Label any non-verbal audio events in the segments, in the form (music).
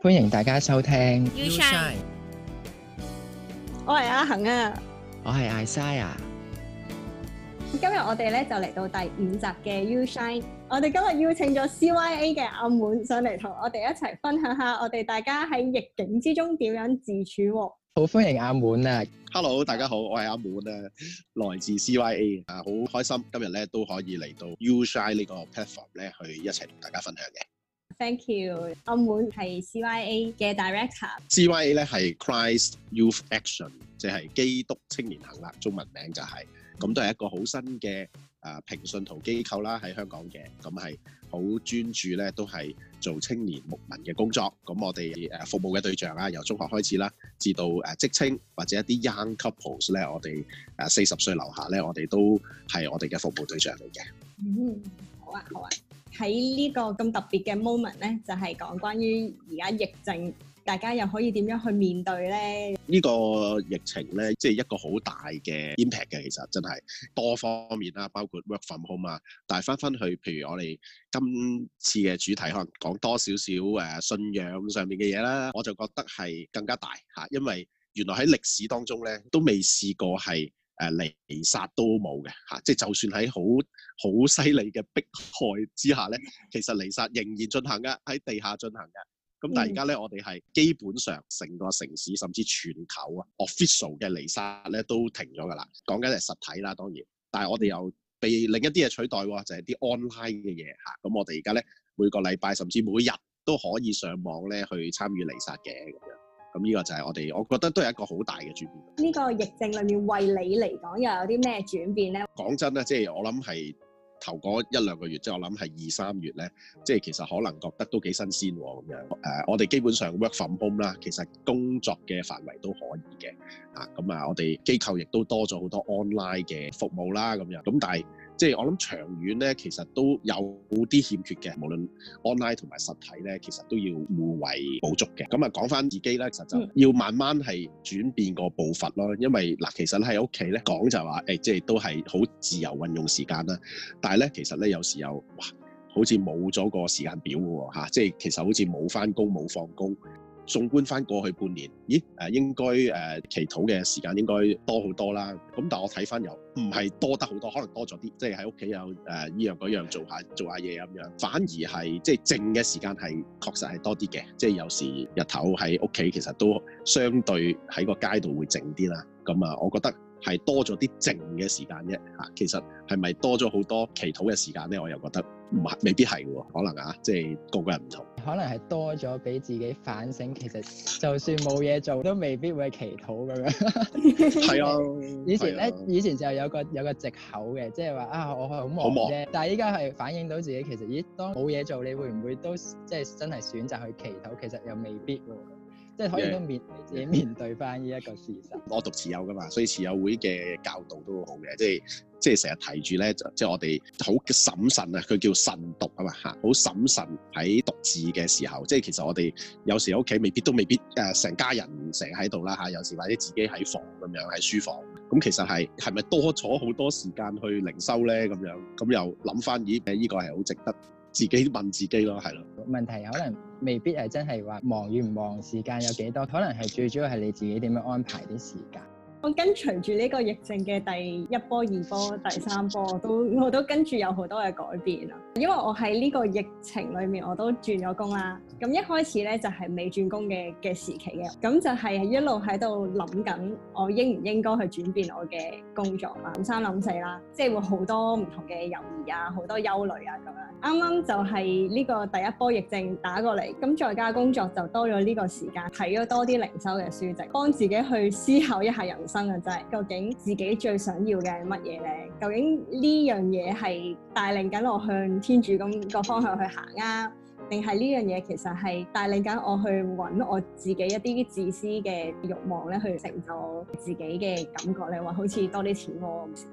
歡迎大家收聽 You Shine，我係阿恒啊，我係艾沙亞。今日我哋咧就嚟到第五集嘅 You Shine，我哋今日邀請咗 CYA 嘅阿滿上嚟同我哋一齊分享下，我哋大家喺逆境之中點樣自處啊。好歡迎阿滿啊！Hello，大家好，我係阿滿啊，來自 CYA 啊，好開心今日咧都可以嚟到 You Shine 呢個 platform 咧去一齊同大家分享嘅。Thank you，我哋係 CYA 嘅 director。CYA 咧係 Christ Youth Action，即係基督青年行啦。中文名就係咁，都係一個好新嘅啊，平信徒機構啦，喺香港嘅咁係好專注咧，都係做青年牧民嘅工作。咁我哋誒服務嘅對象啊，由中學開始啦，至到誒職稱或者一啲 young couples 咧，我哋誒四十歲樓下咧，我哋都係我哋嘅服務對象嚟嘅。嗯，好啊，好啊。喺呢個咁特別嘅 moment 咧，就係講關於而家疫症，大家又可以點樣去面對咧？呢個疫情咧，即係一個好大嘅 impact 嘅，其實真係多方面啦，包括 work from home 啊。但係返返去，譬如我哋今次嘅主題，可能講多少少誒信仰上面嘅嘢啦，我就覺得係更加大嚇，因為原來喺歷史當中咧，都未試過係。誒彌撒都冇嘅嚇，即、啊、係就算喺好好犀利嘅迫害之下咧，其實彌撒仍然進行嘅，喺地下進行嘅。咁但係而家咧，嗯、我哋係基本上成個城市甚至全球啊 official 嘅彌撒咧都停咗㗎啦。講緊係實體啦，當然，但係我哋又被另一啲嘢取代喎，就係、是、啲 online 嘅嘢嚇。咁、啊、我哋而家咧每個禮拜甚至每日都可以上網咧去參與彌撒嘅咁樣。咁呢個就係我哋，我覺得都係一個好大嘅轉變。呢個疫症裏面為你嚟講又有啲咩轉變咧？講真咧，即係我諗係頭嗰一兩個月，即係我諗係二三月咧，即係其實可能覺得都幾新鮮喎咁樣。誒、呃，我哋基本上 work from home 啦，其實工作嘅範圍都可以嘅。啊，咁啊，我哋機構亦都多咗好多 online 嘅服務啦咁樣。咁但係即係我諗長遠咧，其實都有啲欠缺嘅，無論 online 同埋實體咧，其實都要互為補足嘅。咁啊，講翻自己咧，其實就要慢慢係轉變個步伐咯。因為嗱，其實喺屋企咧講就話，誒、哎，即係都係好自由運用時間啦。但係咧，其實咧有時候有哇，好似冇咗個時間表嘅喎、啊，即係其實好似冇翻工冇放工。縱觀翻過去半年，咦誒、呃、應該誒、呃、祈禱嘅時間應該多好多啦。咁但係我睇翻又唔係多得好多，可能多咗啲，即係喺屋企有誒呢、呃、樣嗰樣做下做下嘢咁樣，反而係即係靜嘅時間係確實係多啲嘅。即係有時日頭喺屋企其實都相對喺個街度會靜啲啦。咁、嗯、啊，我覺得。係多咗啲靜嘅時間啫嚇，其實係咪多咗好多祈禱嘅時間咧？我又覺得唔係，未必係喎，可能啊，即係個個人唔同，可能係多咗俾自己反省。其實就算冇嘢做，都未必會祈禱咁樣。係啊，以前咧，以前就有個有個藉口嘅，即係話啊，我好忙啫，忙但係依家係反映到自己，其實咦，當冇嘢做，你會唔會都即係、就是、真係選擇去祈禱？其實又未必喎。即係可以都面，也面對翻呢一個事實。我讀持友噶嘛，所以持友會嘅教導都好嘅，即係即係成日提住咧，就即係我哋好審慎啊，佢叫慎讀啊嘛嚇，好審慎喺讀字嘅時候。即係其實我哋有時喺屋企未必都未必誒，成、啊、家人成日喺度啦嚇，有時或者自己喺房咁樣喺書房，咁其實係係咪多咗好多時間去靈修咧？咁樣咁又諗翻咦，呢、這個係好值得自己問自己咯，係咯。問題可能。未必係真係話忙與唔忙，時間有幾多，可能係最主要係你自己點樣安排啲時間。我跟隨住呢個疫症嘅第一波、二波、第三波，我都我都跟住有好多嘅改變啦。因為我喺呢個疫情裡面，我都轉咗工啦。咁一開始呢，就係未轉工嘅嘅時期嘅，咁就係一路喺度諗緊我應唔應該去轉變我嘅工作啦，諗三諗四啦，即係會好多唔同嘅猶豫啊，好多憂慮啊咁樣。啱啱就係呢個第一波疫症打過嚟，咁在家工作就多咗呢個時間，睇咗多啲靈修嘅書籍，幫自己去思考一下人生。就係究竟自己最想要嘅係乜嘢呢？究竟呢樣嘢係帶領緊我向？跟住咁個方向去行啊，定係呢樣嘢其實係帶領緊我去揾我自己一啲啲自私嘅慾望咧，去成就自己嘅感覺咧。話好似多啲錢喎，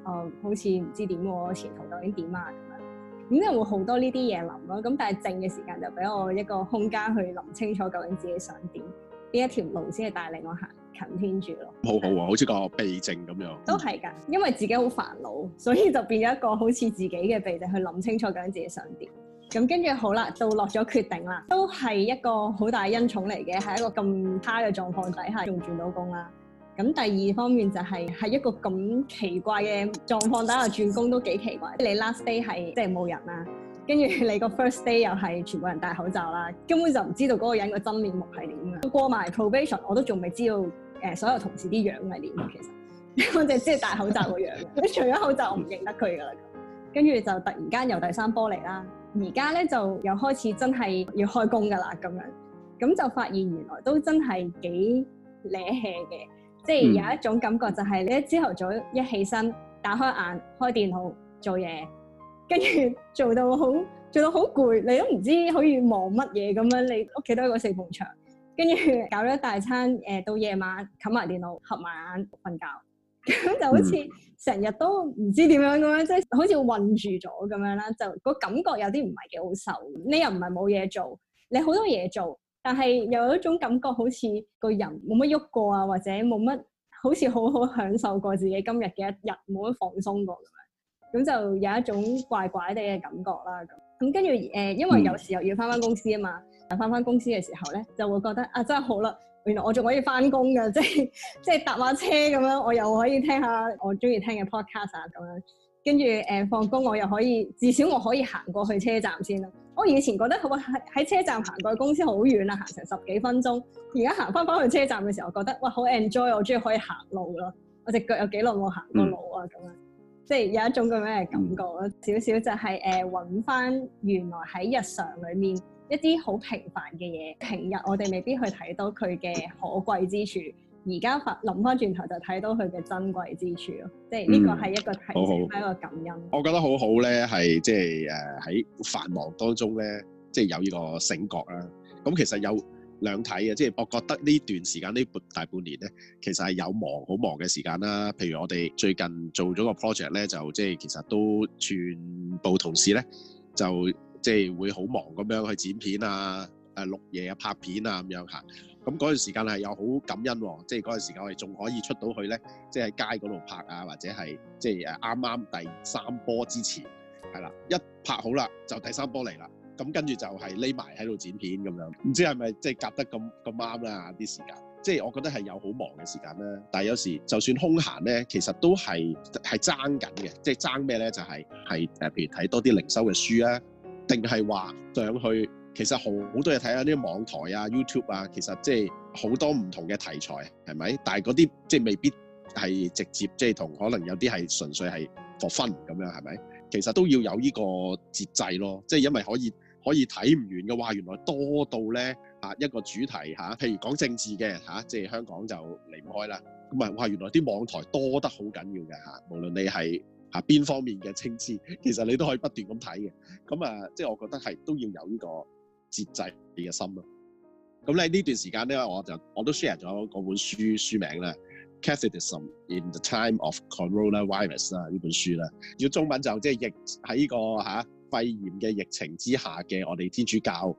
哦，好似唔知點喎、啊，前途究竟點啊？咁樣，咁就會好多呢啲嘢諗咯。咁但係靜嘅時間就俾我一個空間去諗清楚，究竟自己想點，呢一條路先係帶領我行。近天住咯，好好啊，嗯、好似個避靜咁樣，都係噶，因為自己好煩惱，所以就變咗一個好似自己嘅避靜，去諗清楚究竟自己想點。咁跟住好啦，到落咗決定啦，都係一個好大恩寵嚟嘅，係一個咁差嘅狀況底下仲轉到工啦、啊。咁第二方面就係、是、喺一個咁奇怪嘅狀況底下轉工都幾奇怪。你 last day 係即係冇人啊，跟住你個 first day 又係全部人戴口罩啦、啊，根本就唔知道嗰個人個真面目係點啊。過埋 probation 我都仲未知道。誒，所有同事啲樣係點其實，我淨係知戴口罩個樣你。 (laughs) 除咗口罩，我唔認得佢噶啦。跟住就突然間又第三波嚟啦，而家咧就又開始真係要開工噶啦咁樣。咁就發現原來都真係幾惹氣嘅，即係有一種感覺就係、是嗯、你一朝頭早一起身，打開眼，開電腦做嘢，跟住做到好做到好攰，你都唔知可以望乜嘢咁樣。你屋企都係嗰四埲牆。跟住搞咗大餐，誒、呃、到夜晚冚埋電腦，合埋眼瞓覺，咁 (laughs) 就好似成日都唔知點樣咁樣，即、就、係、是、好似混住咗咁樣啦。就個感覺有啲唔係幾好受，你又唔係冇嘢做，你好多嘢做，但係有一種感覺好似個人冇乜喐過啊，或者冇乜好似好好享受過自己今日嘅一日，冇乜放鬆過咁樣，咁就有一種怪怪地嘅感覺啦。咁咁跟住誒，因為有時候又要返返公司啊嘛。嗯翻翻公司嘅時候咧，就會覺得啊，真係好啦！原來我仲可以翻工嘅，即係即係搭下車咁樣，我又可以聽下我中意聽嘅 Podcast 啊咁樣。跟住誒放工，呃、我又可以至少我可以行過去車站先啦。我以前覺得哇喺喺車站行過去公司好遠啊，行成十幾分鐘。而家行翻翻去車站嘅時候，我覺得哇好 enjoy，我中意可以行路咯。我隻腳有幾耐冇行過路啊？咁樣，嗯，即係有一種咁樣嘅感覺，嗯、少少就係誒揾翻原來喺日常裏面。一啲好平凡嘅嘢，平日我哋未必去睇到佢嘅可貴之處，而家發諗翻轉頭就睇到佢嘅珍貴之處咯。即係呢個係一個提，係、嗯、一個感恩。我覺得好好咧，係即係誒喺繁忙當中咧，即係有呢個醒覺啦。咁其實有兩睇嘅，即係我覺得呢段時間呢半大半年咧，其實係有忙好忙嘅時間啦。譬如我哋最近做咗個 project 咧，就即係其實都全部同事咧，就。即係會好忙咁樣去剪片啊、誒錄嘢啊、拍片啊咁樣嚇。咁嗰陣時間係有好感恩喎，即係嗰陣時間我哋仲可以出到去咧，即係喺街嗰度拍啊，或者係即係誒啱啱第三波之前係啦，一拍好啦就第三波嚟啦。咁、啊、跟住就係匿埋喺度剪片咁樣，唔、啊、知係咪即係夾得咁咁啱啦啲時間。即、就、係、是、我覺得係有好忙嘅時間啦、啊，但係有時就算空閒咧，其實都係係爭緊嘅。即係爭咩咧？就係係誒，譬、就是啊、如睇多啲靈修嘅書啊。定係話上去，其實好好多嘢睇下啲網台啊、YouTube 啊，其實即係好多唔同嘅題材，係咪？但係嗰啲即係未必係直接即係同，就是、可能有啲係純粹係 for fun 咁樣，係咪？其實都要有呢個節制咯，即係因為可以可以睇唔完嘅話，原來多到咧啊一個主題嚇，譬如講政治嘅嚇，即係香港就離唔開啦。咁啊哇，原來啲網台多得好緊要嘅嚇，無論你係。啊，邊方面嘅清資，其實你都可以不斷咁睇嘅，咁啊，即係我覺得係都要有呢個節制你嘅心咯。咁咧呢段時間咧，我就我都 share 咗嗰本書書名啦，《Catechism in the Time of Coronavirus》啦，呢本書啦，要中文就即係疫喺呢、這個嚇、啊、肺炎嘅疫情之下嘅我哋天主教。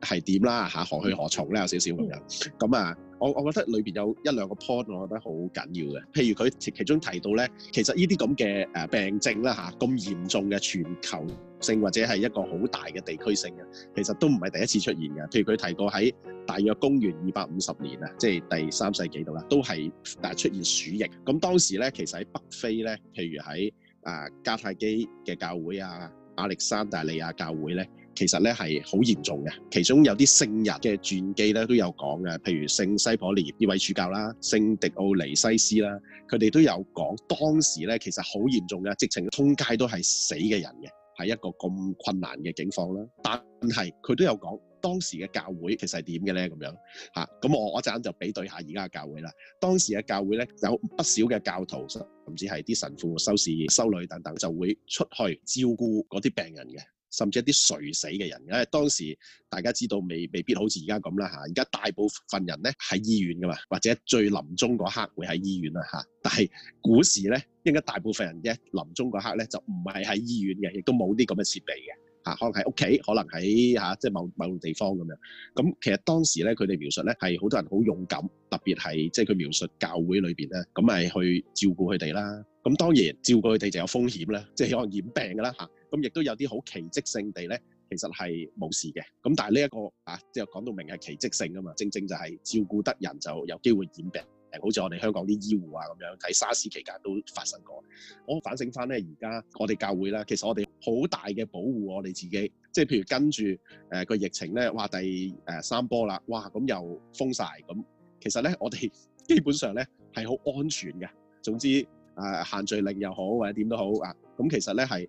係點啦嚇？何去何從咧？有少少咁樣咁啊！我我覺得裏邊有一兩個 point，我覺得好緊要嘅。譬如佢其中提到咧，其實呢啲咁嘅誒病症啦嚇，咁啊嚴重嘅全球性或者係一個好大嘅地區性嘅，其實都唔係第一次出現嘅。譬如佢提過喺大約公元二百五十年啊，即係第三世紀度啦，都係誒出現鼠疫。咁當時咧，其實喺北非咧，譬如喺誒迦太基嘅教會啊、亞歷山大利亞教會咧。其實咧係好嚴重嘅，其中有啲聖人嘅傳記咧都有講嘅，譬如聖西普尼呢位主教啦，聖迪奧尼西斯啦，佢哋都有講當時咧其實好嚴重嘅，直情通街都係死嘅人嘅，喺一個咁困難嘅境況啦。但係佢都有講當時嘅教會其實係點嘅咧咁樣嚇，咁我一陣就比對下而家嘅教會啦。當時嘅教會咧有不少嘅教徒，甚至係啲神父收、修士、修女等等，就會出去照顧嗰啲病人嘅。甚至一啲垂死嘅人，因為當時大家知道未未必好似而家咁啦嚇，而家大部分人咧喺醫院㗎嘛，或者最臨終嗰刻會喺醫院啦嚇。但係古時咧，應該大部分人嘅臨終嗰刻咧就唔係喺醫院嘅，亦都冇啲咁嘅設備嘅嚇，可能喺屋企，可能喺嚇即係某某地方咁樣。咁、嗯、其實當時咧，佢哋描述咧係好多人好勇敢，特別係即係佢描述教會裏邊咧，咁係去照顧佢哋啦。咁當然照顧佢哋就有風險啦，即係可能染病㗎啦吓。咁亦都有啲好奇蹟性地咧，其實係冇事嘅。咁但係呢一個啊，即係講到明係奇蹟性啊嘛，正正就係照顧得人就有機會染病。誒，好似我哋香港啲醫護啊咁樣喺沙士期間都發生過。我反省翻咧，而家我哋教會啦，其實我哋好大嘅保護我哋自己，即係譬如跟住誒個疫情咧、呃，哇第誒三波啦，哇咁又封晒。咁，其實咧我哋基本上咧係好安全嘅。總之。啊，限聚令又好，或者點都好啊，咁其實咧係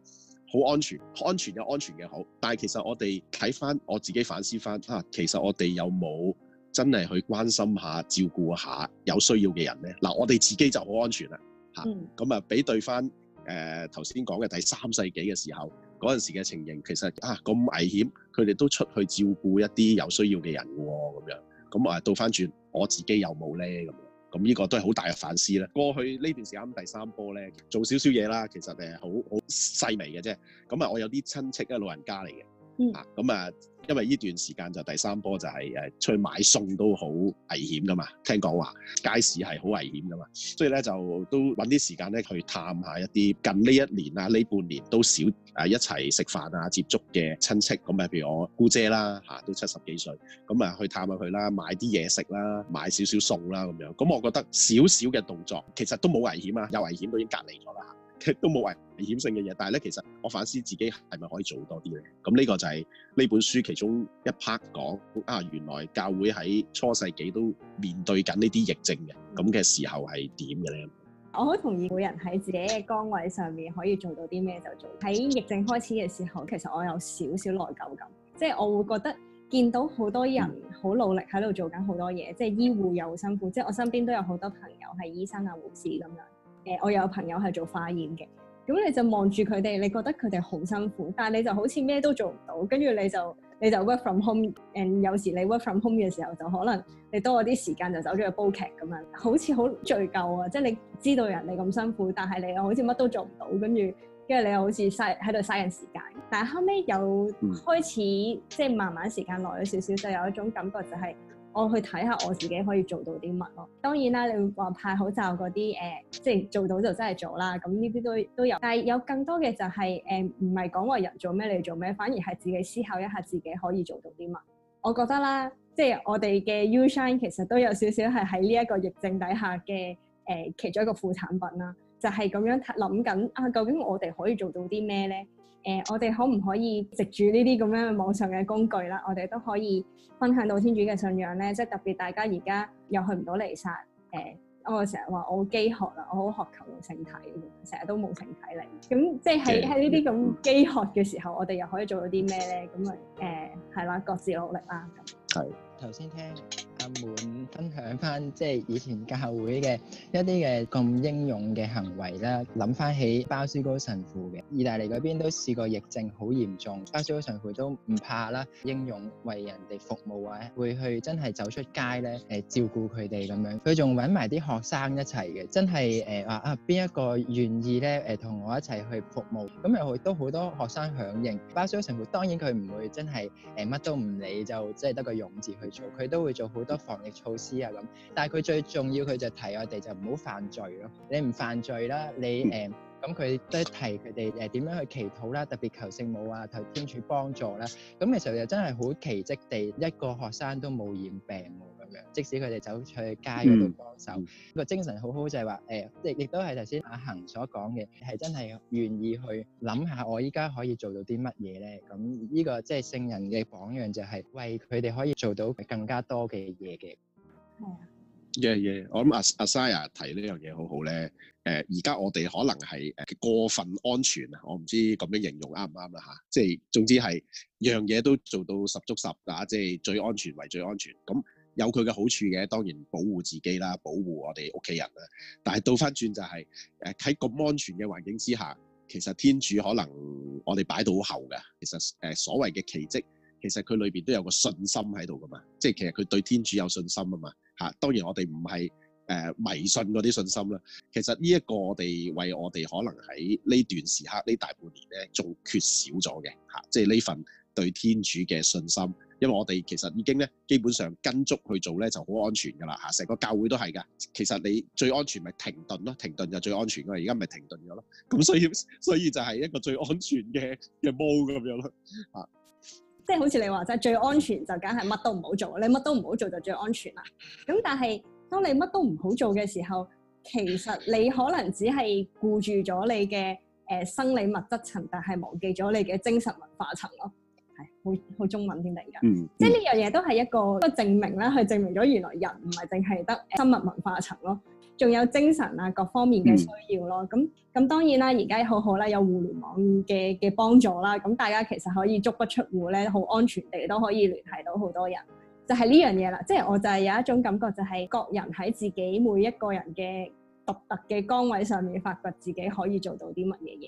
好安全，安全又安全嘅好。但係其實我哋睇翻我自己反思翻，啊，其實我哋有冇真係去關心下、照顧下有需要嘅人咧？嗱、啊，我哋自己就好安全啦，嚇、啊。咁、嗯、啊，比對翻誒頭先講嘅第三世紀嘅時候，嗰陣時嘅情形其實啊咁危險，佢哋都出去照顧一啲有需要嘅人嘅、哦、喎，咁樣。咁、嗯、啊，倒翻轉我自己有冇咧咁？咁呢個都係好大嘅反思啦。過去呢段時間第三波呢，做少少嘢啦，其實係好好細微嘅啫。咁、嗯、我有啲親戚係，老人家嚟嘅。 (noise) 嗯，咁啊，因為呢段時間就第三波就係誒出去買餸都好危險㗎嘛，聽講話街市係好危險㗎嘛，所以咧就都搵啲時間咧去探下一啲近呢一年啊呢半年都少誒一齊食飯啊接觸嘅親戚，咁啊譬如我姑姐啦嚇都七十幾歲，咁啊去探下佢啦，買啲嘢食啦，買少少餸啦咁樣，咁我覺得少少嘅動作其實都冇危險啊，有危險都已經隔離咗啦。都冇危危險性嘅嘢，但係咧，其實我反思自己係咪可以做多啲咧？咁呢個就係呢本書其中一 part 講啊，原來教會喺初世紀都面對緊呢啲疫症嘅。咁嘅時候係點嘅咧？我好同意，每人喺自己嘅崗位上面可以做到啲咩就做。喺疫症開始嘅時候，其實我有少少內疚感，即係我會覺得見到好多人好努力喺度做緊好多嘢，嗯、即係醫護又辛苦，嗯、即係我身邊都有好多朋友係醫生啊、護士咁樣。誒，我有朋友係做化驗嘅，咁你就望住佢哋，你覺得佢哋好辛苦，但係你就好似咩都做唔到，跟住你就你就 work from home，誒，有時你 work from home 嘅時候就可能你多咗啲時間就走咗去煲劇咁樣，好似好罪疚啊！即係你知道人哋咁辛苦，但係你又好似乜都做唔到，跟住跟住你又好似嘥喺度嘥緊時間。但係後尾又開始、嗯、即係慢慢時間耐咗少少，就有一種感覺就係、是。我去睇下我自己可以做到啲乜咯。當然啦，你話派口罩嗰啲誒，即係做到就真係做啦。咁呢啲都都有，但係有更多嘅就係、是、誒，唔係講話人做咩你做咩，反而係自己思考一下自己可以做到啲乜。我覺得啦，即係我哋嘅 U Shine 其實都有少少係喺呢一點點個疫症底下嘅誒、呃、其中一個副產品啦，就係、是、咁樣諗緊啊，究竟我哋可以做到啲咩咧？誒、呃，我哋可唔可以藉住呢啲咁樣嘅網上嘅工具啦？我哋都可以分享到天主嘅信仰咧。即係特別，大家而家又去唔到彌撒誒，我成日話我好饑渴啦，我好渴求有聖體，成日都冇聖體嚟。咁即係喺喺呢啲咁饑渴嘅時候，我哋又可以做到啲咩咧？咁啊誒，係、呃、啦，各自努力啦。係頭先聽。滿分享翻即係以前教會嘅一啲嘅咁英勇嘅行為啦，諗翻起鮑思高神父嘅，意大利嗰邊都試過疫症好嚴重，鮑思高神父都唔怕啦，英勇為人哋服務啊，會去真係走出街咧誒照顧佢哋咁樣，佢仲揾埋啲學生一齊嘅，真係誒話啊邊一個願意咧誒同我一齊去服務，咁又都好多學生響應，鮑思高神父當然佢唔會真係誒乜都唔理就即係得個勇字去做，佢都會做好多。防疫措施啊咁，但係佢最重要佢就提我哋就唔好犯罪咯。你唔犯罪啦，你誒咁佢都提佢哋誒點樣去祈禱啦，特別求聖母啊求天主幫助啦。咁其實又真係好奇蹟地，一個學生都冇染病。即使佢哋走出去街嗰度幫手，個精神好好就係話，誒，亦亦都係頭先阿恒所講嘅，係真係願意去諗下我依家可以做到啲乜嘢咧。咁呢個即係聖人嘅榜樣，就係為佢哋可以做到更加多嘅嘢嘅。係啊，yeah yeah，我諗阿阿 Saya 提呢樣嘢好好咧。誒，而家我哋可能係誒過分安全啊，我唔知咁樣形容啱唔啱啦吓。即係總之係樣嘢都做到十足十啊，即係最安全為最安全咁。有佢嘅好處嘅，當然保護自己啦，保護我哋屋企人啦。但係倒翻轉就係、是，誒喺咁安全嘅環境之下，其實天主可能我哋擺到好後嘅。其實誒、呃、所謂嘅奇蹟，其實佢裏邊都有個信心喺度噶嘛。即係其實佢對天主有信心啊嘛。嚇、啊，當然我哋唔係誒迷信嗰啲信心啦。其實呢一個我哋為我哋可能喺呢段時刻呢，大半年咧，仲缺少咗嘅嚇。即係呢份對天主嘅信心。因為我哋其實已經咧，基本上跟足去做咧就好安全噶啦吓，成個教會都係噶。其實你最安全咪停頓咯，停頓就最安全噶啦。而家咪停頓咗咯。咁所以所以就係一個最安全嘅嘅模式咁樣咯。啊，即係好似你話齋最安全就梗係乜都唔好做，你乜都唔好做就最安全啦。咁但係當你乜都唔好做嘅時候，其實你可能只係顧住咗你嘅誒生理物質層，但係忘記咗你嘅精神文化層咯。係，好好中文先嚟噶。嗯嗯、即係呢樣嘢都係一個個證明咧，去證明咗原來人唔係淨係得生物文化層咯，仲有精神啊各方面嘅需要咯。咁咁、嗯、當然啦，而家好好啦，有互聯網嘅嘅幫助啦，咁大家其實可以足不出戶咧，好安全地都可以聯繫到好多人。就係呢樣嘢啦，即係我就係有一種感覺，就係、是、各人喺自己每一個人嘅獨特嘅崗位上面，發掘自己可以做到啲乜嘢嘢。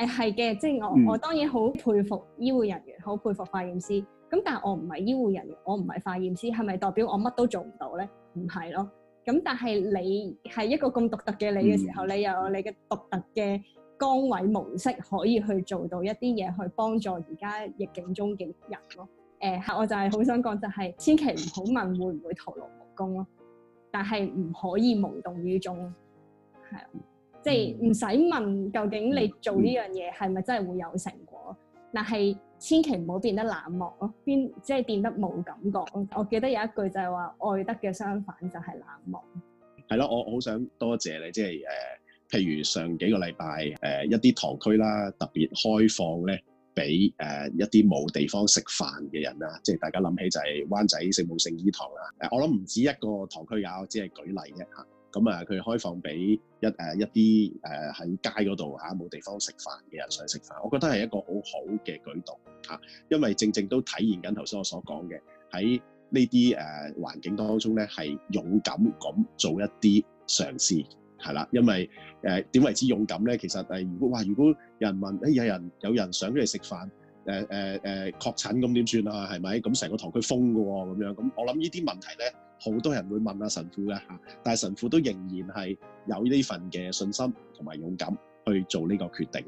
誒係嘅，即係我、嗯、我當然好佩服醫護人員，好佩服化驗師。咁但係我唔係醫護人員，我唔係化驗師，係咪代表我乜都做唔到咧？唔係咯。咁但係你係一個咁獨特嘅你嘅時候，嗯、你有你嘅獨特嘅崗位模式，可以去做到一啲嘢去幫助而家逆境中嘅人咯。誒、呃，我就係好想講就係，千祈唔好問會唔會徒勞無功咯。但係唔可以無動於衷，係啊。即係唔使問究竟你做呢樣嘢係咪真係會有成果，嗯、但係千祈唔好變得冷漠咯，邊即係變得冇感覺咯。我記得有一句就係話，愛德嘅相反就係冷漠。係咯，我好想多謝你，即係誒，譬如上幾個禮拜誒、呃、一啲堂區啦，特別開放咧俾誒一啲冇地方食飯嘅人啊，即係大家諗起就係灣仔聖母聖依堂啊，誒我諗唔止一個堂區有，只係舉例啫嚇。咁啊，佢開放俾一誒一啲誒喺街嗰度嚇冇地方食飯嘅人上去食飯，我覺得係一個好好嘅舉動嚇，因為正正都體現緊頭先我所講嘅喺呢啲誒環境當中咧，係勇敢咁做一啲嘗試係啦。因為誒點為之勇敢咧？其實誒如果哇，如果有人問誒、哎、有人有人想上嚟食飯誒誒誒確診咁點算啊？係咪咁成個堂區封㗎喎？咁樣咁我諗呢啲問題咧。好多人會問阿、啊、神父㗎吓，但係神父都仍然係有呢份嘅信心同埋勇敢去做呢個決定。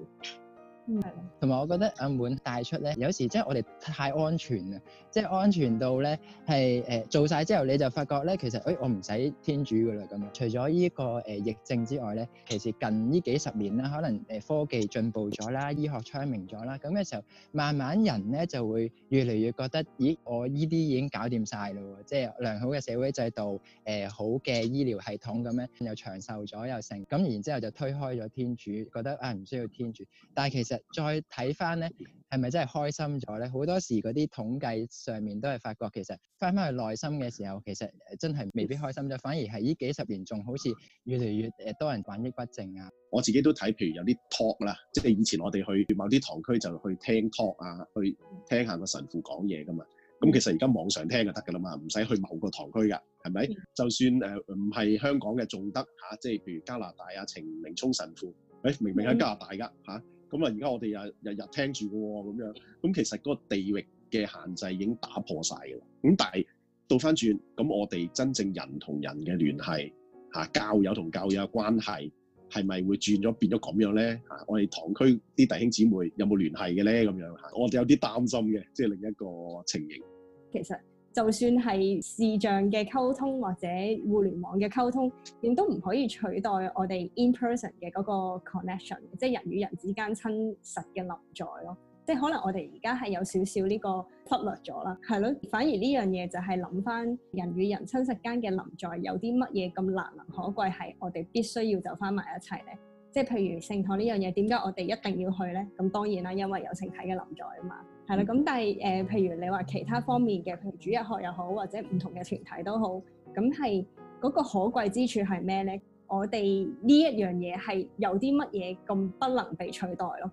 嗯，同埋我覺得阿滿帶出咧，有時即係我哋太安全啦，即係安全到咧係誒做晒之後，你就發覺咧，其實誒、欸、我唔使天主噶啦咁啊。除咗呢、這個誒、呃、疫症之外咧，其實近呢幾十年啦，可能誒、呃、科技進步咗啦，醫學昌明咗啦，咁嘅時候慢慢人咧就會越嚟越覺得，咦我依啲已經搞掂晒嘞喎，即係良好嘅社會制度、誒、呃、好嘅醫療系統咁樣，又長壽咗又成，咁然之後就推開咗天主，覺得啊唔需要天主，但係其實，再睇翻咧，係咪真係開心咗咧？好多時嗰啲統計上面都係發覺，其實翻翻去內心嘅時候，其實誒真係未必開心咗，反而係呢幾十年仲好似越嚟越誒多人患抑鬱症啊。我自己都睇，譬如有啲 talk 啦，即係以前我哋去某啲堂區就去聽 talk 啊，去聽下個神父講嘢㗎嘛。咁其實而家網上聽就得㗎啦嘛，唔使去某個堂區㗎，係咪？嗯、就算誒唔係香港嘅仲得嚇，即係譬如加拿大啊，程明聰神父誒、哎，明明喺加拿大㗎嚇。啊。咁啊，而家我哋日日日聽住嘅喎，咁樣，咁其實嗰個地域嘅限制已經打破晒㗎喇。咁但係倒翻轉，咁我哋真正人同人嘅聯繫，嚇教友同教友嘅關係，係咪會轉咗變咗咁樣咧？嚇，我哋堂區啲弟兄姊妹有冇聯繫嘅咧？咁樣，我哋有啲擔心嘅，即係另一個情形。其實。就算係視像嘅溝通或者互聯網嘅溝通，亦都唔可以取代我哋 in person 嘅嗰個 connection，即係人與人之間親實嘅臨在咯。即係可能我哋而家係有少少呢個忽略咗啦，係咯。反而呢樣嘢就係諗翻人與人親實間嘅臨在有啲乜嘢咁難能可貴，係我哋必須要走翻埋一齊呢。即係譬如聖堂呢樣嘢，點解我哋一定要去呢？咁當然啦，因為有聖體嘅臨在啊嘛。係啦，咁、嗯、但係誒、呃，譬如你話其他方面嘅，譬如主日學又好，或者唔同嘅團體都好，咁係嗰個可貴之處係咩咧？我哋呢一樣嘢係有啲乜嘢咁不能被取代咯？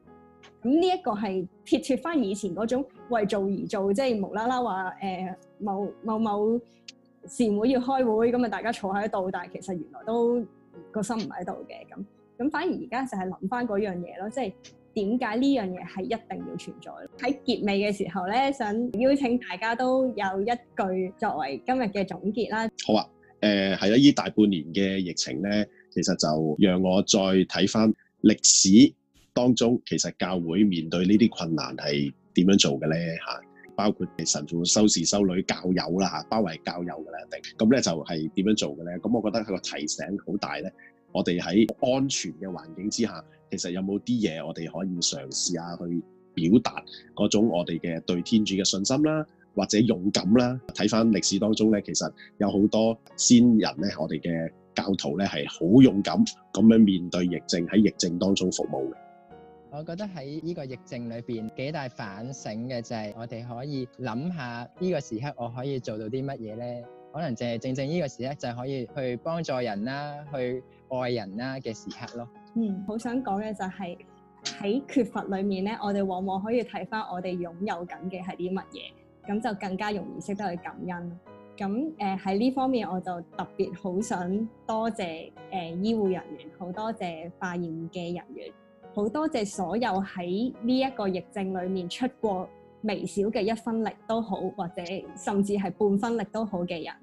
咁呢一個係撇脫翻以前嗰種為做而做，即係無啦啦話誒，某某某事會要開會，咁啊大家坐喺度，但係其實原來都個心唔喺度嘅，咁咁反而而家就係諗翻嗰樣嘢咯，即係。點解呢樣嘢係一定要存在？喺結尾嘅時候咧，想邀請大家都有一句作為今日嘅總結啦。好啊，誒係啦，呢大半年嘅疫情咧，其實就讓我再睇翻歷史當中，其實教會面對呢啲困難係點樣做嘅咧吓，包括神父、修士、修女、教友啦吓，包括教友噶啦定咁咧就係點樣做嘅咧？咁我覺得個提醒好大咧。我哋喺安全嘅環境之下，其實有冇啲嘢我哋可以嘗試下去表達嗰種我哋嘅對天主嘅信心啦，或者勇敢啦。睇返歷史當中咧，其實有好多先人咧，我哋嘅教徒咧係好勇敢咁樣面對疫症，喺疫症當中服務嘅。我覺得喺呢個疫症裏邊幾大反省嘅就係，我哋可以諗下呢個時刻我可以做到啲乜嘢咧。可能就係正正呢個時刻就可以去幫助人啦，去愛人啦嘅時刻咯。嗯，好想講嘅就係、是、喺缺乏裏面咧，我哋往往可以睇翻我哋擁有緊嘅係啲乜嘢，咁就更加容易識得去感恩。咁誒喺呢方面，我就特別好想多謝誒、呃、醫護人員，好多謝化驗嘅人員，好多謝所有喺呢一個疫症裏面出過微小嘅一分力都好，或者甚至係半分力都好嘅人，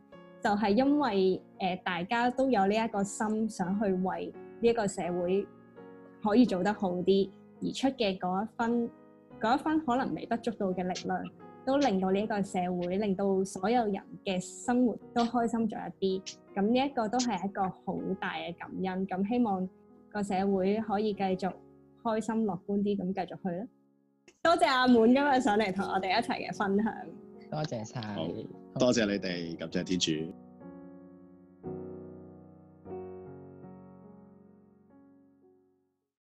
就係因為誒大家都有呢一個心，想去為呢一個社會可以做得好啲而出嘅嗰一分、嗰一分可能微不足道嘅力量，都令到呢一個社會，令到所有人嘅生活都開心咗一啲。咁呢一個都係一個好大嘅感恩。咁希望個社會可以繼續開心樂觀啲，咁繼續去啦。多謝阿滿今日上嚟同我哋一齊嘅分享。多謝晒，好多謝你哋，好感謝天主。